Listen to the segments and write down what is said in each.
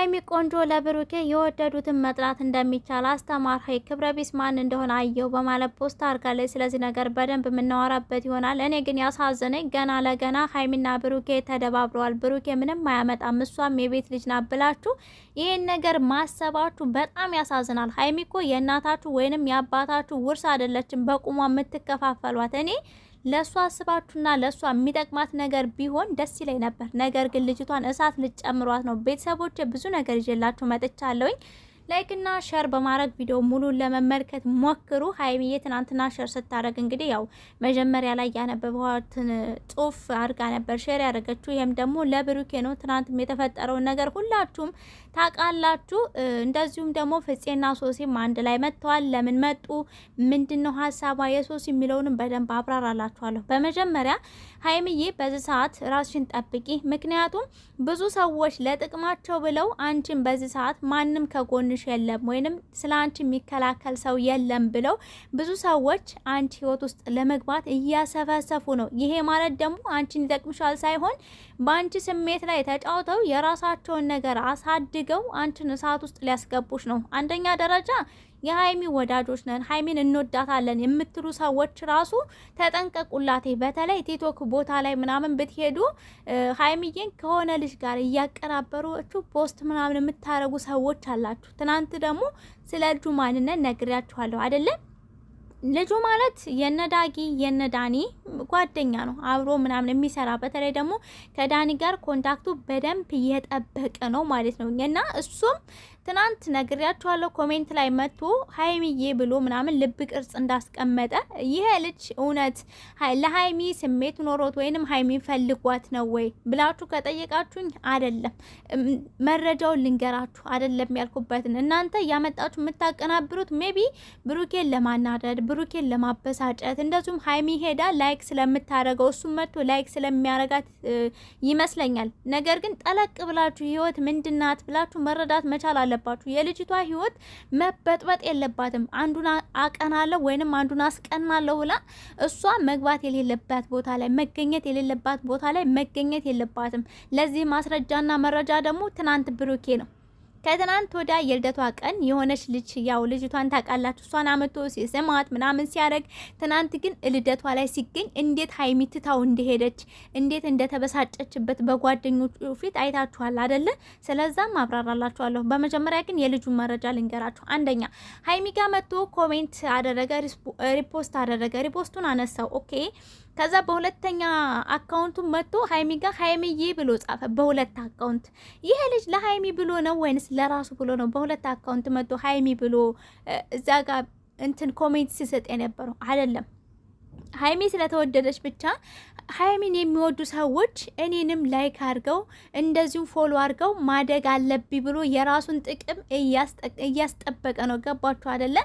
ሀይሚ ቆንጆ ለብሩኬ የወደዱትን መጥራት እንደሚቻል አስተማር ሀይ ክብረ ቢስ ማን እንደሆነ አየሁ በማለት ፖስት አድርጋለች። ስለዚህ ነገር በደንብ የምናወራበት ይሆናል። እኔ ግን ያሳዘነኝ ገና ለገና ሀይሚና ብሩኬ ተደባብረዋል። ብሩኬ ምንም አያመጣም እሷም የቤት ልጅ ናት ብላችሁ ይህን ነገር ማሰባችሁ በጣም ያሳዝናል። ሀይሚ እኮ የእናታችሁ ወይንም የአባታችሁ ውርስ አይደለችም በቁሟ የምትከፋፈሏት እኔ ለእሷ አስባችሁና ለእሷ የሚጠቅማት ነገር ቢሆን ደስ ይለኝ ነበር። ነገር ግን ልጅቷን እሳት ልጨምሯት ነው። ቤተሰቦች ብዙ ነገር ይዤላችሁ መጥቻለሁኝ። ላይክና ሸር በማድረግ ቪዲዮ ሙሉን ለመመልከት ሞክሩ። ሀይሚዬ ትናንትና ሸር ስታደረግ እንግዲህ ያው መጀመሪያ ላይ ያነበበትን ጽሁፍ አድርጋ ነበር ሼር ያደረገችው። ይህም ደግሞ ለብሩኬ ነው። ትናንትም የተፈጠረውን ነገር ሁላችሁም ታውቃላችሁ። እንደዚሁም ደግሞ ፍፄና ሶሴም አንድ ላይ መጥተዋል። ለምን መጡ? ምንድን ነው ሀሳቧ የሚለውንም በደንብ አብራራላችኋለሁ። በመጀመሪያ ሀይምዬ በዚህ ሰዓት ራስሽን ጠብቂ። ምክንያቱም ብዙ ሰዎች ለጥቅማቸው ብለው አንቺን በዚህ ሰዓት ማንም ከጎንሽ የለም ወይንም ስለ አንቺ የሚከላከል ሰው የለም ብለው ብዙ ሰዎች አንቺ ህይወት ውስጥ ለመግባት እያሰፈሰፉ ነው። ይሄ ማለት ደግሞ አንቺን ይጠቅምሻል ሳይሆን በአንቺ ስሜት ላይ ተጫውተው የራሳቸውን ነገር አሳድ ፈልገው አንቺን እሳት ውስጥ ሊያስገቡሽ ነው። አንደኛ ደረጃ የሀይሚ ወዳጆች ነን፣ ሀይሚን እንወዳታለን የምትሉ ሰዎች ራሱ ተጠንቀቁላቴ። በተለይ ቲክቶክ ቦታ ላይ ምናምን ብትሄዱ ሀይሚዬን ከሆነ ልጅ ጋር እያቀራበሩችሁ ፖስት ምናምን የምታደረጉ ሰዎች አላችሁ። ትናንት ደግሞ ስለ ልጁ ማንነት ነግሬያችኋለሁ አይደለም ልጁ ማለት የነዳጊ የነዳኒ ጓደኛ ነው፣ አብሮ ምናምን የሚሰራ በተለይ ደግሞ ከዳኒ ጋር ኮንታክቱ በደንብ እየጠበቀ ነው ማለት ነው። እና እሱም ትናንት ነግሬያችኋለሁ፣ ኮሜንት ላይ መጥቶ ሀይሚዬ ብሎ ምናምን ልብ ቅርጽ እንዳስቀመጠ ይሄ ልጅ እውነት ለሀይሚ ስሜት ኖሮት ወይንም ሀይሚ ፈልጓት ነው ወይ ብላችሁ ከጠየቃችሁኝ አደለም መረጃውን ልንገራችሁ አደለም ያልኩበትን እናንተ እያመጣችሁ የምታቀናብሩት ሜቢ ብሩኬን ለማናደድ ብሩኬን ለማበሳጨት እንደዚሁም ሀይሚ ሄዳ ላይክ ስለምታደረገው እሱም መጥቶ ላይክ ስለሚያረጋት ይመስለኛል። ነገር ግን ጠለቅ ብላችሁ ህይወት ምንድናት ብላችሁ መረዳት መቻል አለባችሁ። የልጅቷ ህይወት መበጥበጥ የለባትም። አንዱን አቀናለሁ ወይንም አንዱን አስቀናለሁ ብላ እሷ መግባት የሌለባት ቦታ ላይ መገኘት የሌለባት ቦታ ላይ መገኘት የለባትም። ለዚህ ማስረጃና መረጃ ደግሞ ትናንት ብሩኬ ነው። ከትናንት ወዳ የልደቷ ቀን የሆነች ልጅ ያው ልጅቷን ታውቃላችሁ፣ እሷን አመቶ ሲስማት ምናምን ሲያደርግ፣ ትናንት ግን ልደቷ ላይ ሲገኝ እንዴት ሀይሚ ትታው እንደሄደች እንዴት እንደተበሳጨችበት በጓደኞቹ ፊት አይታችኋል አደለ? ስለዛም አብራራላችኋለሁ። በመጀመሪያ ግን የልጁን መረጃ ልንገራችሁ። አንደኛ ሀይሚ ጋር መጥቶ ኮሜንት አደረገ፣ ሪፖስት አደረገ፣ ሪፖስቱን አነሳው። ኦኬ ከዛ በሁለተኛ አካውንቱ መጥቶ ሀይሚ ጋር ሀይሚዬ ብሎ ጻፈ። በሁለት አካውንት ይሄ ልጅ ለሀይሚ ብሎ ነው ወይንስ ለራሱ ብሎ ነው? በሁለት አካውንት መጥቶ ሀይሚ ብሎ እዛ ጋር እንትን ኮሜንት ሲሰጥ የነበረው አይደለም። ሀይሚ ስለተወደደች ብቻ ሀይሚን የሚወዱ ሰዎች እኔንም ላይክ አድርገው እንደዚሁም ፎሎ አድርገው ማደግ አለብኝ ብሎ የራሱን ጥቅም እያስጠበቀ ነው። ገባችሁ አደለ?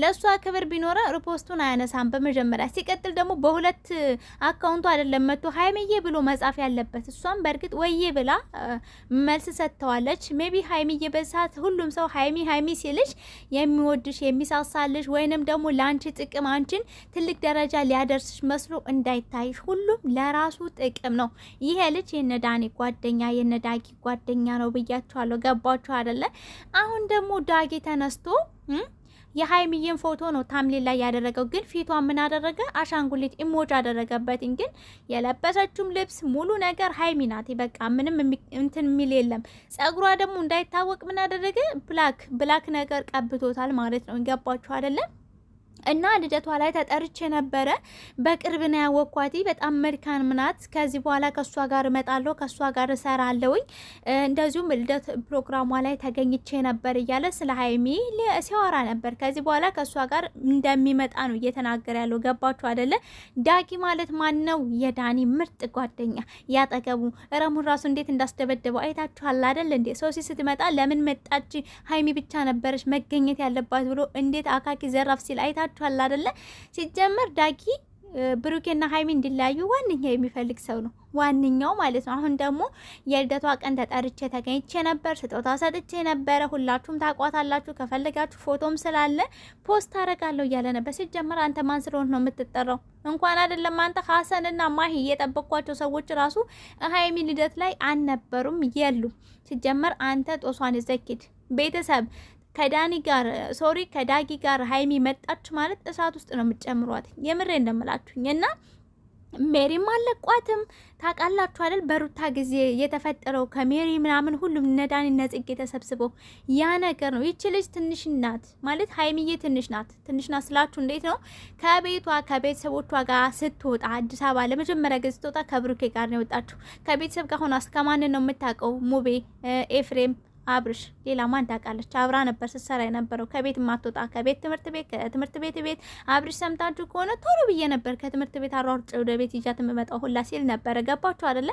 ለእሷ ክብር ቢኖረ ሪፖስቱን አያነሳም። በመጀመሪያ ሲቀጥል ደግሞ በሁለት አካውንቱ አይደለም መቶ ሀይሚዬ ብሎ መጻፍ ያለበት። እሷም በእርግጥ ወዬ ብላ መልስ ሰጥተዋለች። ሜቢ ሀይሚዬ በሰዓት ሁሉም ሰው ሀይሚ ሀይሚ ሲልሽ የሚወድሽ የሚሳሳልሽ ወይንም ደግሞ ለአንቺ ጥቅም አንቺን ትልቅ ደረጃ ሊያደርስሽ መስሎ እንዳይታይሽ ሁሉም ለራሱ ጥቅም ነው። ይሄ ልጅ የነዳኒ ጓደኛ የነዳጊ ጓደኛ ነው ብያችኋለሁ። ገባችሁ አደለ? አሁን ደግሞ ዳጊ ተነስቶ የሀይሚዬን ፎቶ ነው ታምሌ ላይ ያደረገው። ግን ፊቷ ምን አደረገ? አሻንጉሊት ኢሞጅ አደረገበትኝ። ግን የለበሰችውም ልብስ ሙሉ ነገር ሀይሚ ናት። በቃ ምንም እንትን የሚል የለም። ጸጉሯ ደግሞ እንዳይታወቅ ምን አደረገ? ብላክ ብላክ ነገር ቀብቶታል ማለት ነው። ይገባችሁ አይደለም? እና ልደቷ ላይ ተጠርቼ ነበረ። በቅርብ ነው ያወኳት። በጣም መልካም ናት። ከዚህ በኋላ ከእሷ ጋር እመጣለሁ፣ ከእሷ ጋር እሰራለሁኝ። እንደዚሁም ልደት ፕሮግራሟ ላይ ተገኝቼ ነበር እያለ ስለ ሀይሚ ሲያወራ ነበር። ከዚህ በኋላ ከእሷ ጋር እንደሚመጣ ነው እየተናገረ ያለው። ገባችሁ አደለ? ዳጊ ማለት ማን ነው? የዳኒ ምርጥ ጓደኛ ያጠገቡ ረሙን ራሱ እንዴት እንዳስደበደበው አይታችኋል አደል? እንዴ ሶሲ ስትመጣ ለምን መጣች ሀይሚ ብቻ ነበረች መገኘት ያለባት ብሎ እንዴት አካኪ ዘራፍ ሲል አይታ አይታችኋል አይደለ? ሲጀመር ዳጊ ብሩኬና ሀይሚ እንዲለያዩ ዋነኛ የሚፈልግ ሰው ነው። ዋነኛው ማለት ነው። አሁን ደግሞ የልደቷ ቀን ተጠርቼ ተገኝቼ ነበር፣ ስጦታ ሰጥቼ ነበረ። ሁላችሁም ታቋታላችሁ። ከፈለጋችሁ ፎቶም ስላለ ፖስት አረጋለሁ እያለ ነበር። ሲጀመር አንተ ማን ስለሆን ነው የምትጠራው? እንኳን አይደለም አንተ ሀሰንና ማሂ የጠበኳቸው ሰዎች ራሱ ሀይሚ ልደት ላይ አልነበሩም የሉ። ሲጀመር አንተ ጦሷን ዘኪድ ቤተሰብ ከዳኒ ጋር ሶሪ ከዳጊ ጋር ሀይሚ መጣች ማለት እሳት ውስጥ ነው የምትጨምሯት። የምሬ እንደምላችሁኝ እና ሜሪም አለቋትም ታውቃላችሁ አይደል? በሩታ ጊዜ የተፈጠረው ከሜሪ ምናምን ሁሉም ነዳኒ ነጽጌ ተሰብስበው ያ ነገር ነው። ይቺ ልጅ ትንሽ ናት ማለት ሀይሚዬ ትንሽ ናት። ትንሽ ናት ስላችሁ እንዴት ነው? ከቤቷ ከቤተሰቦቿ ጋር ስትወጣ አዲስ አበባ ለመጀመሪያ ጊዜ ስትወጣ ከብሩኬ ጋር ነው የወጣችሁ። ከቤተሰብ ጋር ሆና ነው የምታውቀው? ሙቤ ኤፍሬም አብርሽ ሌላ ማን ታውቃለች? አብራ ነበር ስትሰራ የነበረው ከቤት ማትወጣ ከቤት ትምህርት ቤት ከትምህርት ቤት ቤት። አብርሽ ሰምታችሁ ከሆነ ቶሎ ብዬ ነበር ከትምህርት ቤት አሯርጭ ወደ ቤት ይዣት የምመጣው ሁላ ሲል ነበረ። ገባችሁ አይደለ?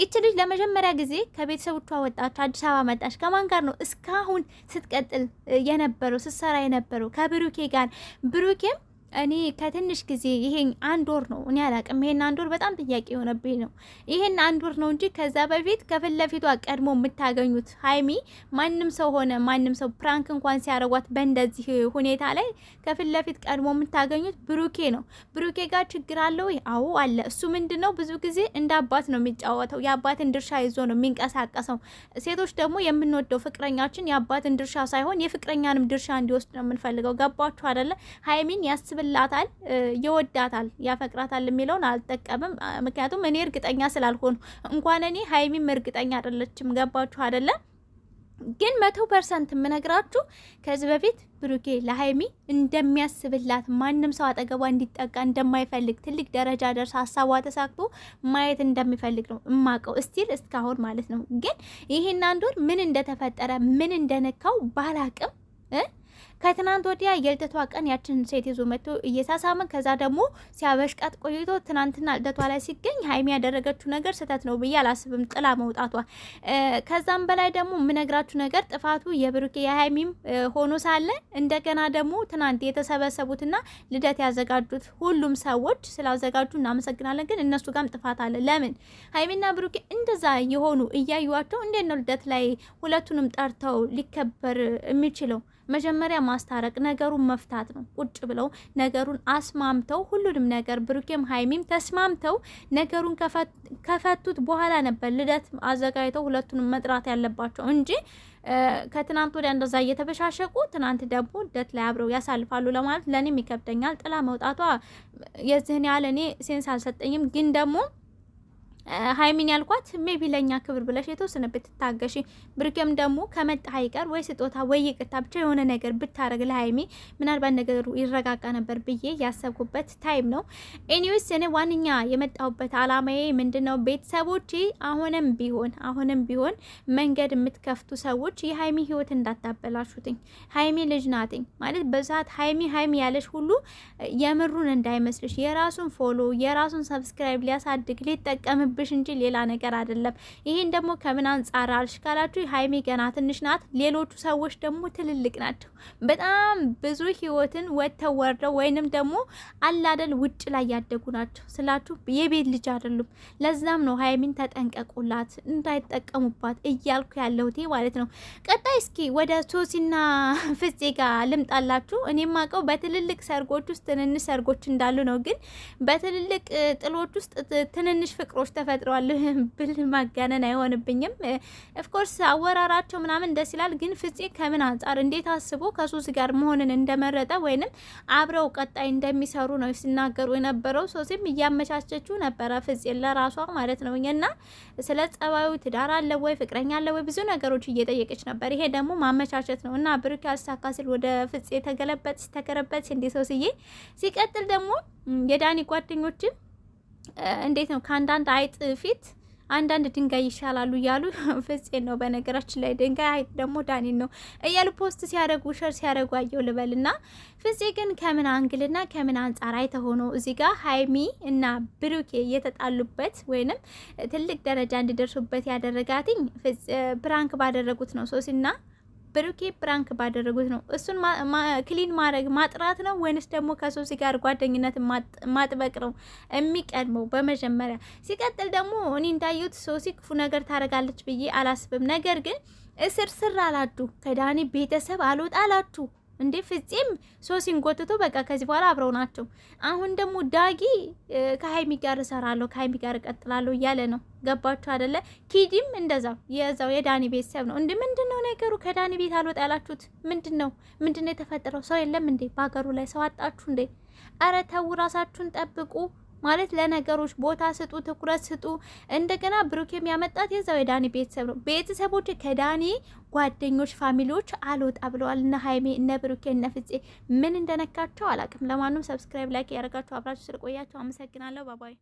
ይቺ ልጅ ለመጀመሪያ ጊዜ ከቤተሰቦቿ ወጣች፣ አዲስ አበባ መጣች። ከማን ጋር ነው እስካሁን ስትቀጥል የነበረው ስትሰራ የነበረው? ከብሩኬ ጋር ብሩኬም እኔ ከትንሽ ጊዜ ይሄን አንድ ወር ነው እኔ አላቅም። ይሄን አንድ ወር በጣም ጥያቄ የሆነብኝ ነው። ይሄን አንድ ወር ነው እንጂ ከዛ በፊት ከፊት ለፊቷ ቀድሞ የምታገኙት ሀይሚ ማንም ሰው ሆነ ማንም ሰው ፕራንክ እንኳን ሲያረጓት በእንደዚህ ሁኔታ ላይ ከፊት ለፊት ቀድሞ የምታገኙት ብሩኬ ነው። ብሩኬ ጋር ችግር አለው? አዎ አለ። እሱ ምንድን ነው ብዙ ጊዜ እንደ አባት ነው የሚጫወተው። የአባትን ድርሻ ይዞ ነው የሚንቀሳቀሰው። ሴቶች ደግሞ የምንወደው ፍቅረኛችን የአባትን ድርሻ ሳይሆን የፍቅረኛንም ድርሻ እንዲወስድ ነው የምንፈልገው። ገባችሁ አደለ? ሀይሚን ያስበ ያስብላታል፣ ይወዳታል፣ ያፈቅራታል የሚለውን አልጠቀምም። ምክንያቱም እኔ እርግጠኛ ስላልሆኑ እንኳን እኔ ሀይሚም እርግጠኛ አይደለችም። ገባችሁ አይደለም? ግን መቶ ፐርሰንት የምነግራችሁ ከዚህ በፊት ብሩኬ ለሀይሚ እንደሚያስብላት ማንም ሰው አጠገቧ እንዲጠጋ እንደማይፈልግ ትልቅ ደረጃ ደርስ ሀሳቧ ተሳክቶ ማየት እንደሚፈልግ ነው እማቀው እስቲል እስካሁን ማለት ነው። ግን ይሄን አንድ ወር ምን እንደተፈጠረ ምን እንደነካው ባላቅም ከትናንት ወዲያ የልደቷ ቀን ያችን ሴት ይዞ መጥቶ እየሳሳመ ከዛ ደግሞ ሲያበሽቃት ቆይቶ ትናንትና ልደቷ ላይ ሲገኝ ሀይሚ ያደረገችው ነገር ስህተት ነው ብዬ አላስብም፣ ጥላ መውጣቷ። ከዛም በላይ ደግሞ የምነግራችሁ ነገር ጥፋቱ የብሩኬ የሀይሚም ሆኖ ሳለ እንደገና ደግሞ ትናንት የተሰበሰቡትና ልደት ያዘጋጁት ሁሉም ሰዎች ስላዘጋጁ እናመሰግናለን። ግን እነሱ ጋም ጥፋት አለ። ለምን ሀይሚና ብሩኬ እንደዛ የሆኑ እያዩዋቸው እንዴት ነው ልደት ላይ ሁለቱንም ጠርተው ሊከበር የሚችለው? መጀመሪያ ማስታረቅ፣ ነገሩን መፍታት ነው። ቁጭ ብለው ነገሩን አስማምተው ሁሉንም ነገር ብሩኬም ሀይሚም ተስማምተው ነገሩን ከፈቱት በኋላ ነበር ልደት አዘጋጅተው ሁለቱንም መጥራት ያለባቸው እንጂ ከትናንት ወዲያ እንደዛ እየተበሻሸቁ ትናንት ደግሞ ልደት ላይ አብረው ያሳልፋሉ ለማለት ለእኔም ይከብደኛል። ጥላ መውጣቷ የዚህን ያህል እኔ ሴንስ አልሰጠኝም ግን ደግሞ ሀይሚን ያልኳት ሜቢ ለእኛ ክብር ብለሽ የተወሰነ ብትታገሺ፣ ብሩኬም ደግሞ ከመጣ አይቀር ወይ ስጦታ ወይ ይቅርታ ብቻ የሆነ ነገር ብታረግ ለሀይሚ ምናልባት ነገሩ ይረጋጋ ነበር ብዬ ያሰብኩበት ታይም ነው። ኤኒዌይስ እኔ ዋንኛ የመጣሁበት አላማዬ ምንድን ነው? ቤተሰቦች አሁንም ቢሆን አሁንም ቢሆን መንገድ የምትከፍቱ ሰዎች የሀይሚ ህይወት እንዳታበላሹትኝ። ሀይሚ ልጅ ናትኝ ማለት በሰዓት ሀይሚ ሀይሚ ያለሽ ሁሉ የምሩን እንዳይመስልሽ የራሱን ፎሎ የራሱን ሰብስክራይብ ሊያሳድግ ሊጠቀምብ አለብሽ እንጂ ሌላ ነገር አይደለም። ይህን ደግሞ ከምን አንጻር አልሽ ካላችሁ ሀይሚ ገና ትንሽ ናት። ሌሎቹ ሰዎች ደግሞ ትልልቅ ናቸው። በጣም ብዙ ህይወትን ወጥተው ወርደው ወይንም ደግሞ አላደል ውጭ ላይ ያደጉ ናቸው ስላችሁ የቤት ልጅ አይደሉም። ለዛም ነው ሀይሚን ተጠንቀቁላት እንዳይጠቀሙባት እያልኩ ያለሁት ማለት ነው። ቀጣይ እስኪ ወደ ሶሲና ፍጼ ጋር ልምጣላችሁ። እኔም አውቀው በትልልቅ ሰርጎች ውስጥ ትንንሽ ሰርጎች እንዳሉ ነው። ግን በትልልቅ ጥሎች ውስጥ ትንንሽ ፍቅሮች ተፈጥረዋል ብል ማጋነን አይሆንብኝም። ኦፍኮርስ አወራራቸው ምናምን ደስ ይላል፣ ግን ፍፄ ከምን አንጻር እንዴት አስቦ ከሱስ ጋር መሆንን እንደመረጠ ወይንም አብረው ቀጣይ እንደሚሰሩ ነው ሲናገሩ የነበረው። ሶሲም እያመቻቸችው ነበረ ፍፄ ለራሷ ማለት ነው እና ስለ ጸባዩ ትዳር አለ ወይ ፍቅረኛ አለ ወይ ብዙ ነገሮች እየጠየቀች ነበር። ይሄ ደግሞ ማመቻቸት ነው እና ብሩክ ያልሳካ ሲል ወደ ፍፄ ተገለበጥ ተገረበጥ እንዲህ ሰው ሲቀጥል ደግሞ የዳኒ ጓደኞችን እንዴት ነው ከአንዳንድ አይጥ ፊት አንዳንድ ድንጋይ ይሻላሉ እያሉ ፍጼን ነው። በነገራችን ላይ ድንጋይ አይጥ ደግሞ ዳኒን ነው እያሉ ፖስት ሲያደረጉ ሸር ሲያደረጉ አየው ልበልና፣ ፍፄ ግን ከምን አንግልና ከምን አንጻር አይተሆኖ እዚህ ጋር ሀይሚ እና ብሩኬ እየተጣሉበት ወይንም ትልቅ ደረጃ እንዲደርሱበት ያደረጋትኝ ፕራንክ ባደረጉት ነው ሶሲና ብሩኬ ፕራንክ ባደረጉት ነው። እሱን ክሊን ማድረግ ማጥራት ነው ወይንስ ደግሞ ከሶሲ ጋር ጓደኝነት ማጥበቅ ነው የሚቀድመው? በመጀመሪያ ሲቀጥል ደግሞ እኔ እንዳየሁት ሶሲ ክፉ ነገር ታደርጋለች ብዬ አላስብም። ነገር ግን እስር ስር አላችሁ፣ ከዳኒ ቤተሰብ አልወጣ አላችሁ። እንዴ ፍጼም ሶሲን ጎትቶ በቃ ከዚህ በኋላ አብረው ናቸው። አሁን ደግሞ ዳጊ ከሀይሚ ጋር እሰራለሁ ከሀይሚ ጋር እቀጥላለሁ እያለ ነው። ገባችሁ አደለ? ኪዲም እንደዛው የዛው የዳኒ ቤተሰብ ነው። እንዲ ምንድን ነው ነገሩ? ከዳኒ ቤት አልወጣ ያላችሁት ምንድን ነው? ምንድን ነው የተፈጠረው? ሰው የለም እንዴ? በሀገሩ ላይ ሰው አጣችሁ እንዴ? አረ ተው፣ ራሳችሁን ጠብቁ። ማለት ለነገሮች ቦታ ስጡ፣ ትኩረት ስጡ። እንደገና ብሩክ የሚያመጣት የዛው የዳኒ ቤተሰብ ነው። ቤተሰቦች ከዳኒ ጓደኞች፣ ፋሚሊዎች አልወጣ ብለዋል። እነ ሀይሜ፣ እነ ብሩኬ፣ እነ ፍጼ ምን እንደነካቸው አላቅም። ለማንም ሰብስክራይብ፣ ላይክ ያደረጋችሁ አብራችሁ ስለቆያችሁ አመሰግናለሁ። ባባይ